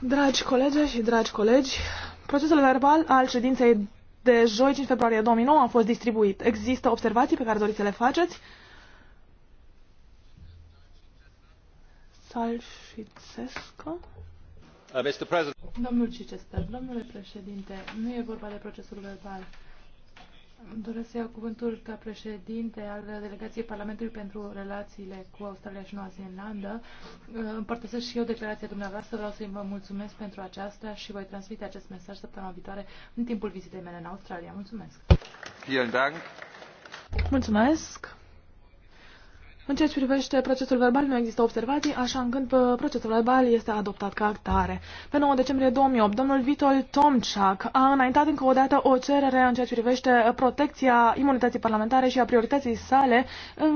Dragi colegi și dragi colegi, procesul verbal al ședinței de joi 5 februarie 2009 a fost distribuit. Există observații pe care doriți să le faceți? Salșițescă? Uh, Domnul Cicester, domnule președinte, nu e vorba de procesul verbal. Doresc să iau cuvântul ca președinte al Delegației Parlamentului pentru relațiile cu Australia și Noua Zeelandă. Uh, împărtășesc și eu declarația dumneavoastră, vreau să-i vă mulțumesc pentru aceasta și voi transmite acest mesaj săptămâna viitoare în timpul vizitei mele în Australia. Mulțumesc! Vielen Dank. Mulțumesc! În ceea ce privește procesul verbal, nu există observații, așa încât uh, procesul verbal este adoptat ca actare. Pe 9 decembrie 2008, domnul Vitol Tomczak a înaintat încă o dată o cerere în ceea ce privește protecția imunității parlamentare și a priorității sale în